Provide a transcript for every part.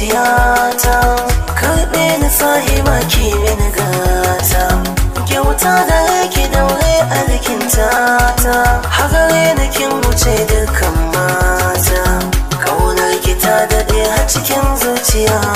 zuciyata kaɗe na fahima ki mini gata kyauta da yake daure a likinta ta hagare na kin wuce dukkan mata ƙaunar ki ta daɗe a cikin zuciya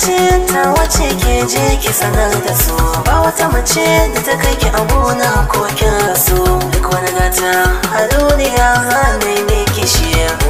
mace ta wace ke je ki sanar da su ba wata mace da ta kai ki a gona ko kin rasu duk wani gata a duniya ne ne kishiya